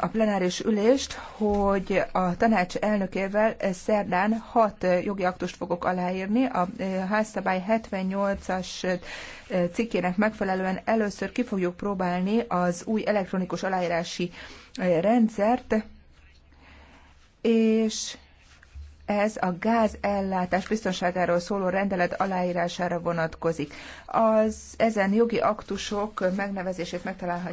a plenáris ülést, hogy a tanács elnökével szerdán hat jogi aktust fogok aláírni. A házszabály 78-as cikkének megfelelően először ki fogjuk próbálni az új elektronikus aláírási rendszert, és ez a gázellátás biztonságáról szóló rendelet aláírására vonatkozik. Az ezen jogi aktusok megnevezését megtalálhatjuk.